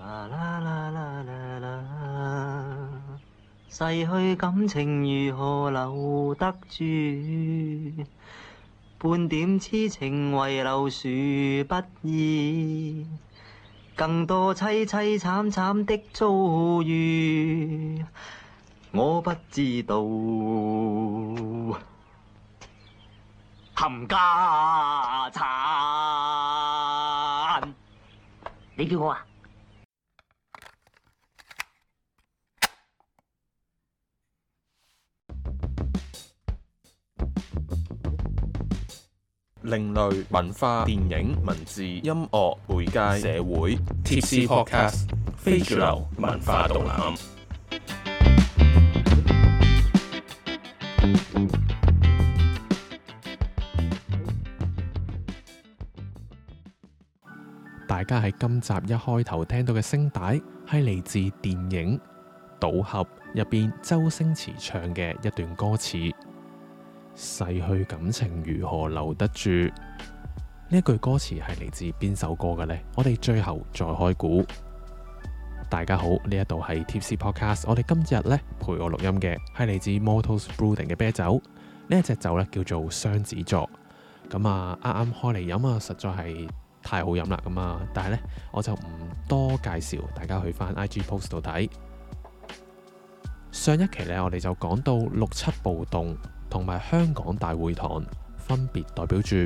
啦啦啦啦啦！逝去感情如何留得住？半點痴情回流殊不易，更多淒淒慘慘的遭遇，我不知道。冚家鏟，你叫我啊！另類文化、電影、文字、音樂、媒介、社會，Tipsy Podcast 非主流文化導覽。大家喺今集一開頭聽到嘅聲帶，係嚟自電影《賭俠》入面周星馳唱嘅一段歌詞。逝去感情如何留得住？呢一句歌詞係嚟自邊首歌嘅呢？我哋最後再開估。大家好，呢一度係 Tipsy Podcast。我哋今日呢，陪我錄音嘅係嚟自 Mortals Brewing 嘅啤酒。呢一隻酒呢，叫做雙子座。咁啊，啱啱開嚟飲啊，實在係太好飲啦。咁啊，但係呢，我就唔多介紹，大家去翻 IG Post 度睇。上一期呢，我哋就講到六七暴動。同埋香港大會堂分別代表住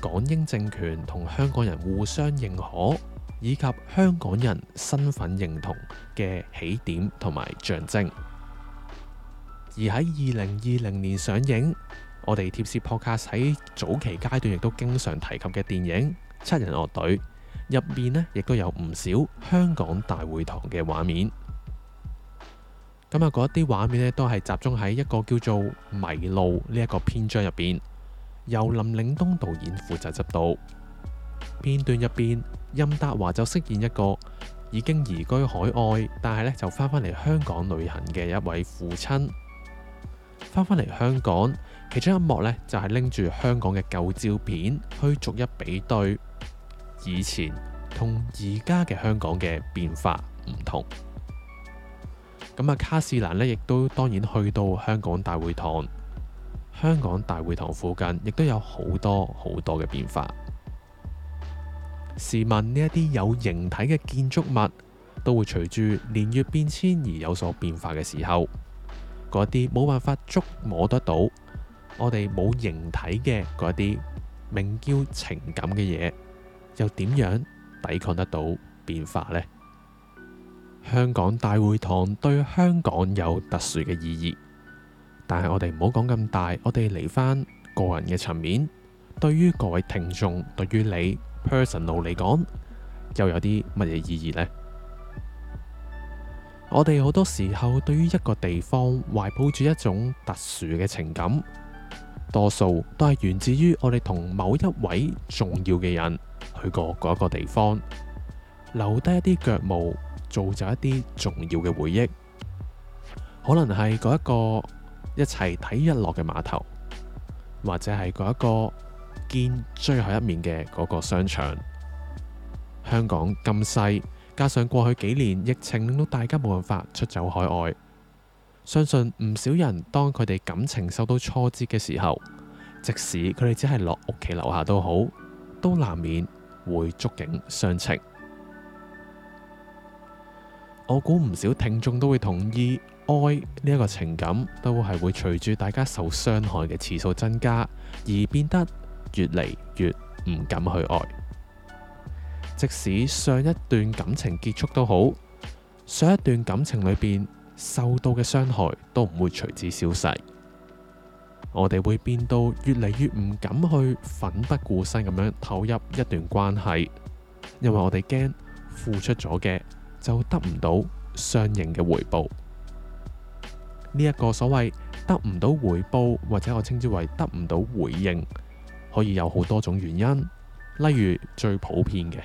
港英政權同香港人互相認可，以及香港人身份認同嘅起點同埋象徵。而喺二零二零年上映，我哋貼士撲卡喺早期階段亦都經常提及嘅電影《七人樂隊》入面呢，亦都有唔少香港大會堂嘅畫面。今日嗰啲畫面咧，都係集中喺一個叫做迷路呢一個篇章入邊，由林嶺東導演負責執導。片段入邊，任達華就飾演一個已經移居海外，但係咧就翻返嚟香港旅行嘅一位父親。翻返嚟香港，其中一幕呢，就係拎住香港嘅舊照片去逐一比對以前同而家嘅香港嘅變化唔同。咁啊，卡士蘭呢，亦都當然去到香港大會堂。香港大會堂附近亦都有好多好多嘅變化。試問呢一啲有形體嘅建築物，都會隨住年月變遷而有所變化嘅時候，嗰啲冇辦法觸摸得到，我哋冇形體嘅嗰啲名叫情感嘅嘢，又點樣抵抗得到變化呢？香港大會堂對香港有特殊嘅意義，但係我哋唔好講咁大。我哋嚟翻個人嘅層面，對於各位聽眾，對於你 personal 嚟講，又有啲乜嘢意義呢？我哋好多時候對於一個地方懷抱住一種特殊嘅情感，多數都係源自於我哋同某一位重要嘅人去過嗰一個地方，留低一啲腳毛。造就一啲重要嘅回憶，可能係嗰一個一齊睇日落嘅碼頭，或者係嗰一個見最後一面嘅嗰個商場。香港咁細，加上過去幾年疫情，令到大家冇辦法出走海外。相信唔少人當佢哋感情受到挫折嘅時候，即使佢哋只係落屋企樓下都好，都難免會觸景傷情。我估唔少聽眾都會同意，愛呢一個情感都係會隨住大家受傷害嘅次數增加而變得越嚟越唔敢去愛。即使上一段感情結束都好，上一段感情裏邊受到嘅傷害都唔會隨之消逝。我哋會變到越嚟越唔敢去奮不顧身咁樣投入一段關係，因為我哋驚付出咗嘅。就得唔到相應嘅回報。呢、這、一個所謂得唔到回報，或者我稱之為得唔到回應，可以有好多種原因。例如最普遍嘅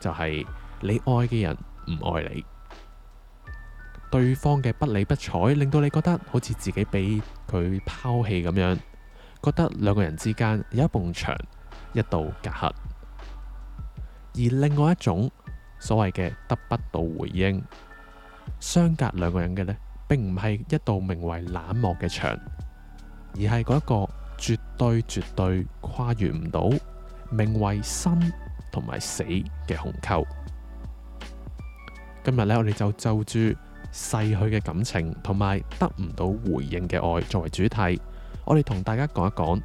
就係、是、你愛嘅人唔愛你，對方嘅不理不睬，令到你覺得好似自己被佢拋棄咁樣，覺得兩個人之間有一埲牆一道隔閡。而另外一種。所謂嘅得不到回應，相隔兩個人嘅呢，並唔係一道名為冷漠嘅牆，而係嗰一個絕對絕對跨越唔到，名為生同埋死嘅鴻溝。今日呢，我哋就就住逝去嘅感情同埋得唔到回應嘅愛作為主題，我哋同大家講一講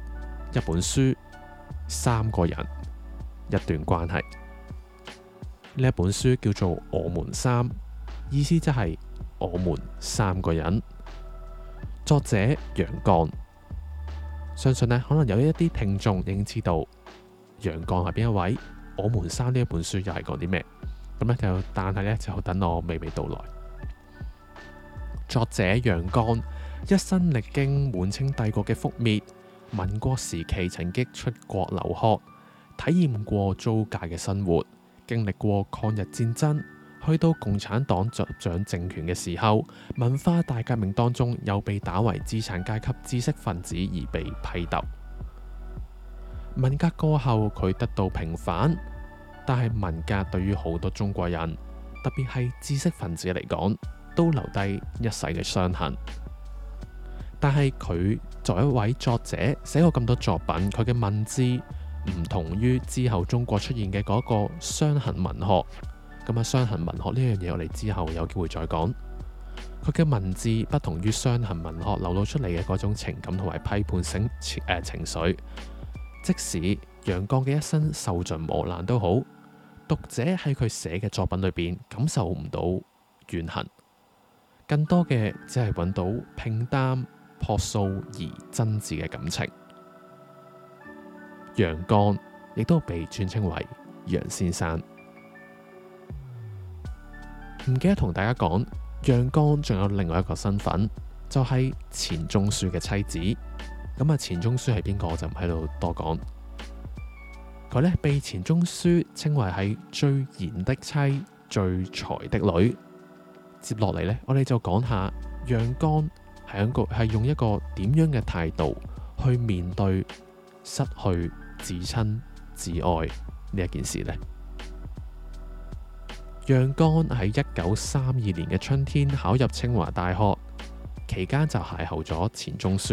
一本書、三個人、一段關係。呢一本書叫做《我們三》，意思即係我們三個人。作者楊絳，相信咧可能有一啲聽眾已經知道楊絳係邊一位。《我們三》呢一本書又係講啲咩？咁呢就但係呢，就等我娓娓道來。作者楊絳，一生歷經滿清帝國嘅覆滅，民國時期曾經出國留學，體驗過租界嘅生活。經歷過抗日戰爭，去到共產黨執掌政權嘅時候，文化大革命當中又被打為資產階級知識分子而被批鬥。文革過後佢得到平反，但係文革對於好多中國人，特別係知識分子嚟講，都留低一世嘅傷痕。但係佢作為一位作者，寫過咁多作品，佢嘅文字。唔同於之後中國出現嘅嗰個傷痕文學，咁、那、啊、個、傷痕文學呢樣嘢我哋之後有機會再講。佢嘅文字不同於傷痕文學流露出嚟嘅嗰種情感同埋批判性、呃、情緒，即使楊絳嘅一生受盡磨難都好，讀者喺佢寫嘅作品裏邊感受唔到怨恨，更多嘅只係揾到平淡樸素而真摯嘅感情。楊絳亦都被尊稱為楊先生。唔記得同大家講，楊絳仲有另外一個身份，就係錢鍾書嘅妻子。咁啊，錢鍾書係邊個就唔喺度多講。佢呢被錢鍾書稱為係最賢的妻、最才的女。接落嚟呢，我哋就講下楊絳係一個係用一個點樣嘅態度去面對失去。至親至愛呢一件事呢，楊絳喺一九三二年嘅春天考入清華大學，期間就邂逅咗錢鍾書。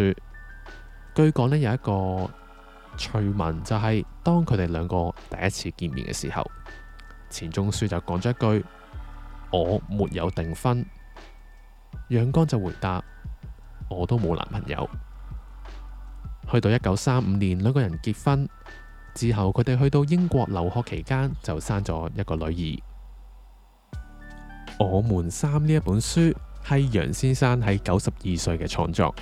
據講呢，有一個趣聞，就係、是、當佢哋兩個第一次見面嘅時候，錢鍾書就講咗一句：我沒有訂婚。楊絳就回答：我都冇男朋友。去到一九三五年，兩個人結婚。之後佢哋去到英國留學期間，就生咗一個女兒。《我們仨》呢一本書係楊先生喺九十二歲嘅創作，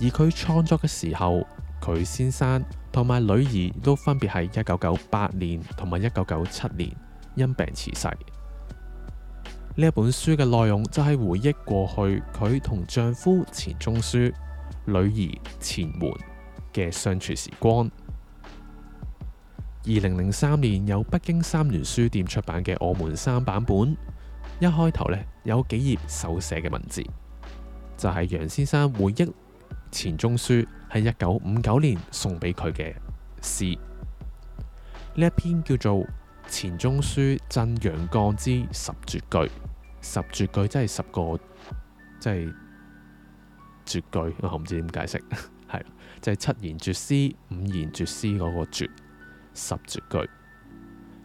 而佢創作嘅時候，佢先生同埋女兒都分別係一九九八年同埋一九九七年因病辭世。呢一本書嘅內容就係回憶過去佢同丈夫錢鍾書。女兒錢瑗嘅相處時光。二零零三年有北京三聯書店出版嘅《我們仨》版本，一開頭呢有幾頁手寫嘅文字，就係楊先生回憶錢鍾書係一九五九年送俾佢嘅詩。呢一篇叫做《錢鍾書贈楊絳之十絕句》，十絕句即係十個，即係。絕句，我唔知點解釋，係啦，就係七言絕詩、五言絕詩嗰個絕，十絕句。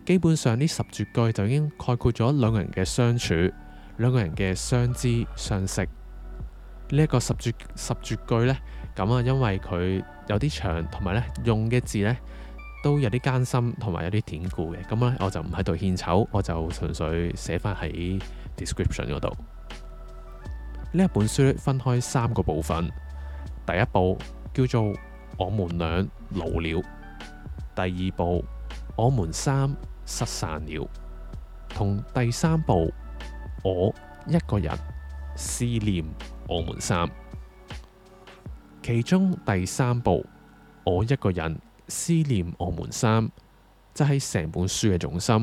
基本上呢十絕句就已經概括咗兩個人嘅相處，兩個人嘅相知相識。呢一個十絕十絕句呢，咁啊，因為佢有啲長，同埋呢用嘅字呢都有啲艱辛，同埋有啲典故嘅。咁咧，我就唔喺度獻醜，我就純粹寫翻喺 description 嗰度。呢本書分開三個部分。第一部叫做《我們倆老了》，第二部《我們三失散了》，同第三部《我一個人思念我們三》。其中第三部《我一個人思念我們三》就係、是、成本書嘅重心，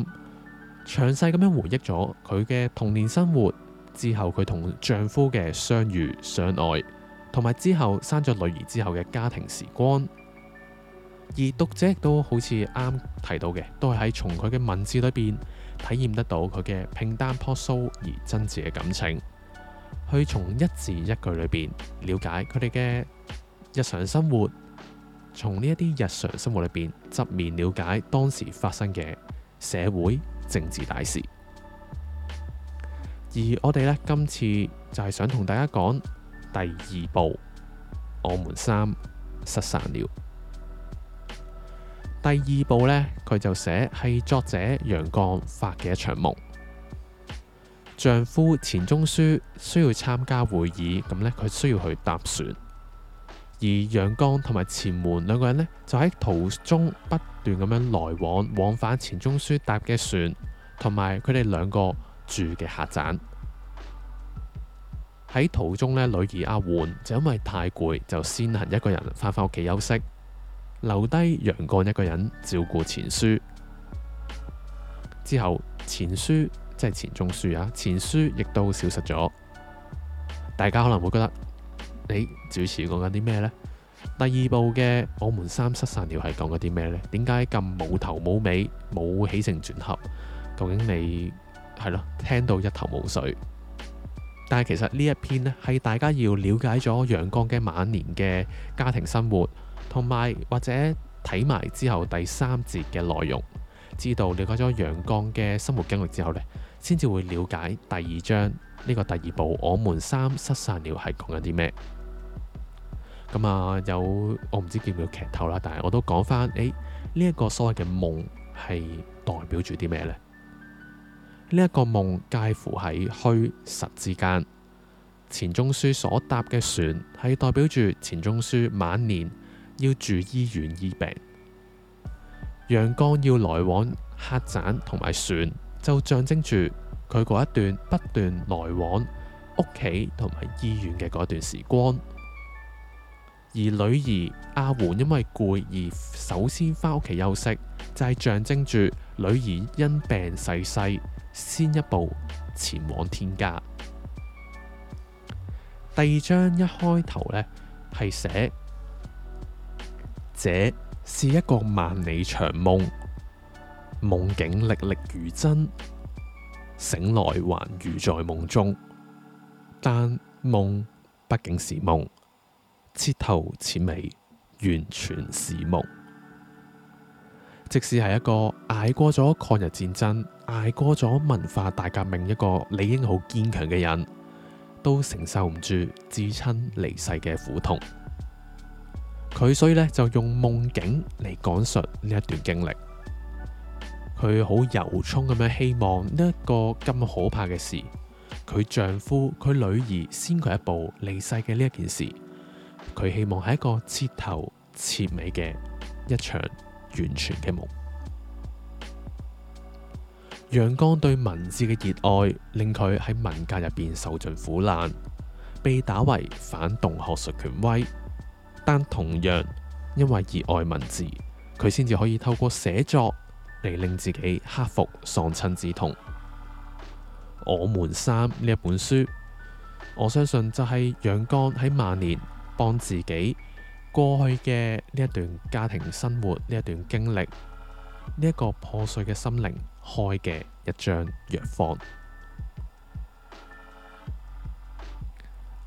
詳細咁樣回憶咗佢嘅童年生活。之後佢同丈夫嘅相遇相愛，同埋之後生咗女兒之後嘅家庭時光，而讀者亦都好似啱提到嘅，都係喺從佢嘅文字裏邊體驗得到佢嘅平淡樸素而真摯嘅感情，去從一字一句裏邊了解佢哋嘅日常生活，從呢一啲日常生活裏邊側面了解當時發生嘅社會政治大事。而我哋呢，今次就係想同大家講第二部《我們仨失散了》。第二部呢，佢就寫係作者楊絳發嘅一場夢。丈夫錢鍾書需要參加會議，咁呢，佢需要去搭船。而楊絳同埋錢瑗兩個人呢，就喺途中不斷咁樣來往，往返錢鍾書搭嘅船，同埋佢哋兩個住嘅客棧。喺途中呢，女兒阿、啊、媛就因為太攰，就先行一個人返返屋企休息，留低楊絳一個人照顧錢書，之後，錢書即係錢鍾書啊。錢書亦都消失咗。大家可能會覺得你、欸、主持講緊啲咩呢？第二部嘅《我們仨失散了》係講緊啲咩呢？點解咁冇頭冇尾，冇起承轉合？究竟你？係咯，聽到一頭霧水。但係其實呢一篇呢，係大家要了解咗楊絳嘅晚年嘅家庭生活，同埋或者睇埋之後第三節嘅內容，知道了解咗楊絳嘅生活經歷之後呢，先至會了解第二章呢、這個第二部《我們三失散了》係講緊啲咩。咁、嗯、啊，有我唔知叫唔叫劇透啦，但係我都講翻，誒呢一個所謂嘅夢係代表住啲咩呢？呢一個夢介乎喺虛實之間。錢鍾書所搭嘅船係代表住錢鍾書晚年要住醫院醫病，楊絳要來往客棧同埋船，就象徵住佢嗰一段不斷來往屋企同埋醫院嘅嗰段時光。而女兒阿媛因為攰，而首先返屋企休息，就係象徵住女兒因病逝世。先一步前往天家。第二章一開頭呢，係寫這是一個萬里長夢，夢境歷歷如真，醒來還如在夢中。但夢畢竟是夢，徹頭徹尾完全是夢。即使係一個捱過咗抗日戰爭。捱過咗文化大革命，一個理應好堅強嘅人，都承受唔住至親離世嘅苦痛。佢所以咧，就用夢境嚟講述呢一段經歷。佢好由衷咁樣希望呢一個咁可怕嘅事，佢丈夫、佢女兒先佢一步離世嘅呢一件事，佢希望係一個徹頭徹尾嘅一場完全嘅夢。楊絳對文字嘅熱愛，令佢喺文革入邊受盡苦難，被打為反動學術權威。但同樣因為熱愛文字，佢先至可以透過寫作嚟令自己克服喪親之痛。《我們仨》呢一本書，我相信就係楊絳喺晚年幫自己過去嘅呢一段家庭生活、呢一段經歷、呢、這、一個破碎嘅心靈。開嘅一張藥方。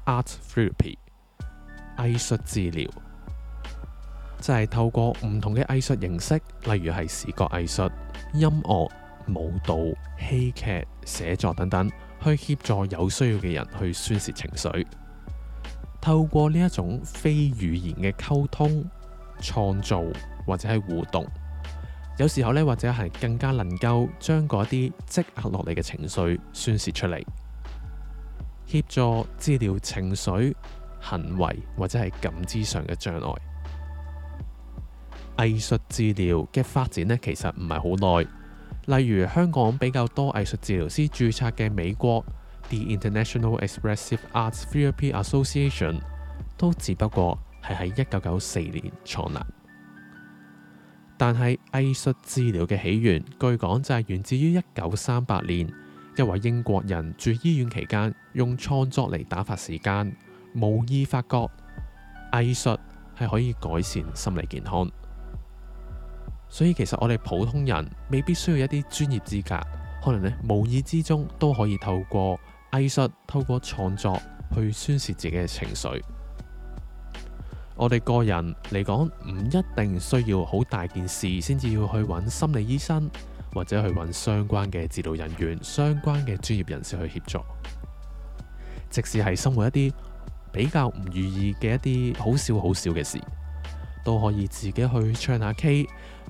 Art therapy，藝術治療就係透過唔同嘅藝術形式，例如係視覺藝術、音樂、舞蹈、戲劇、寫作等等，去協助有需要嘅人去宣泄情緒。透過呢一種非語言嘅溝通、創造或者係互動。有時候咧，或者係更加能夠將嗰啲積壓落嚟嘅情緒宣洩出嚟，協助治療情緒行為或者係感知上嘅障礙。藝術治療嘅發展呢，其實唔係好耐。例如香港比較多藝術治療師註冊嘅美國 The International Expressive Arts Therapy Association 都只不過係喺一九九四年創立。但係藝術治療嘅起源，據講就係源自於一九三八年，一位英國人住醫院期間，用創作嚟打發時間，無意發覺藝術係可以改善心理健康。所以其實我哋普通人未必需要一啲專業資格，可能呢無意之中都可以透過藝術，透過創作去宣洩自己嘅情緒。我哋個人嚟講，唔一定需要好大件事先至要去揾心理醫生，或者去揾相關嘅治療人員、相關嘅專業人士去協助。即使係生活一啲比較唔如意嘅一啲好少好少嘅事，都可以自己去唱下 K，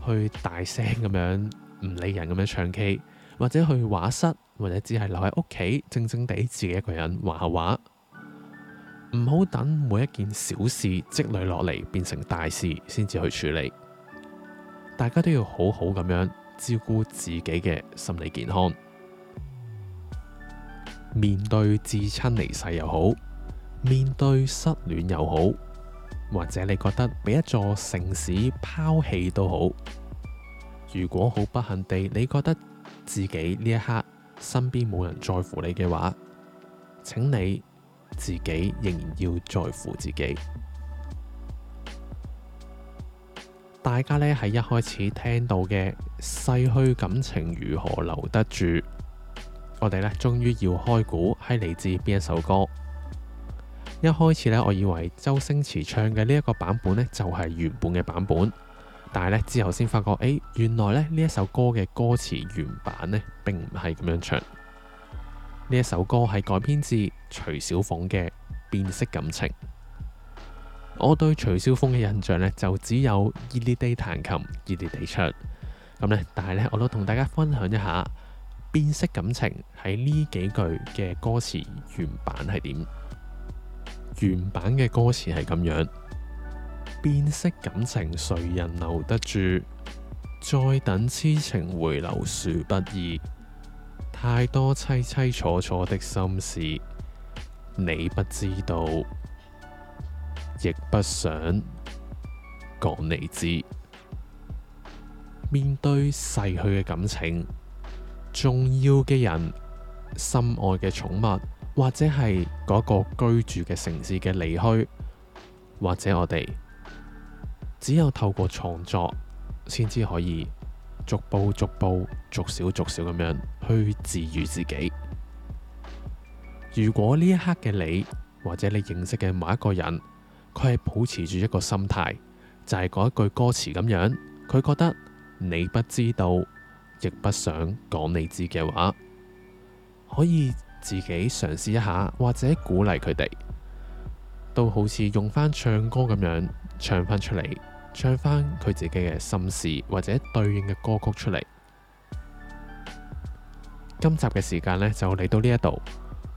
去大聲咁樣唔理人咁樣唱 K，或者去畫室，或者只係留喺屋企靜靜地自己一個人畫下畫。唔好等每一件小事積累落嚟，變成大事先至去處理，大家都要好好咁樣照顧自己嘅心理健康。面對至親離世又好，面對失戀又好，或者你覺得畀一座城市拋棄都好。如果好不幸地，你覺得自己呢一刻身邊冇人在乎你嘅話，請你。自己仍然要在乎自己。大家呢，喺一開始聽到嘅《逝去感情》如何留得住？我哋呢，終於要開估係嚟自邊一首歌？一開始呢，我以為周星馳唱嘅呢一個版本呢，就係原本嘅版本，但係呢，之後先發覺，誒，原來呢呢一首歌嘅歌詞原版呢，並唔係咁樣唱。呢一首歌係改編自。徐小鳳嘅《變色感情》，我對徐小鳳嘅印象呢，就只有熱烈地彈琴，熱烈地唱。咁、嗯、呢，但係呢，我都同大家分享一下《變色感情》喺呢幾句嘅歌詞原版係點。原版嘅歌詞係咁樣：變色感情，誰人留得住？再等痴情回流，殊不易。太多淒淒楚楚的心事。你不知道，亦不想講你知，面對逝去嘅感情，重要嘅人，心愛嘅寵物，或者係嗰個居住嘅城市嘅離去，或者我哋只有透過創作，先至可以逐步逐步逐少逐少咁樣去治愈自己。如果呢一刻嘅你，或者你認識嘅某一個人，佢係抱持住一個心態，就係嗰一句歌詞咁樣，佢覺得你不知道，亦不想講你知嘅話，可以自己嘗試一下，或者鼓勵佢哋，都好似用翻唱歌咁樣唱翻出嚟，唱翻佢自己嘅心事或者對應嘅歌曲出嚟。今集嘅時間呢，就嚟到呢一度。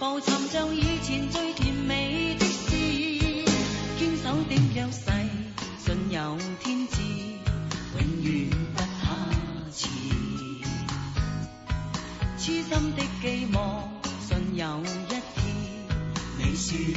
浮沉像以前最甜美的事，堅守的約誓，信有天知，永遠不怕遲。痴心的寄望，信有一天你説。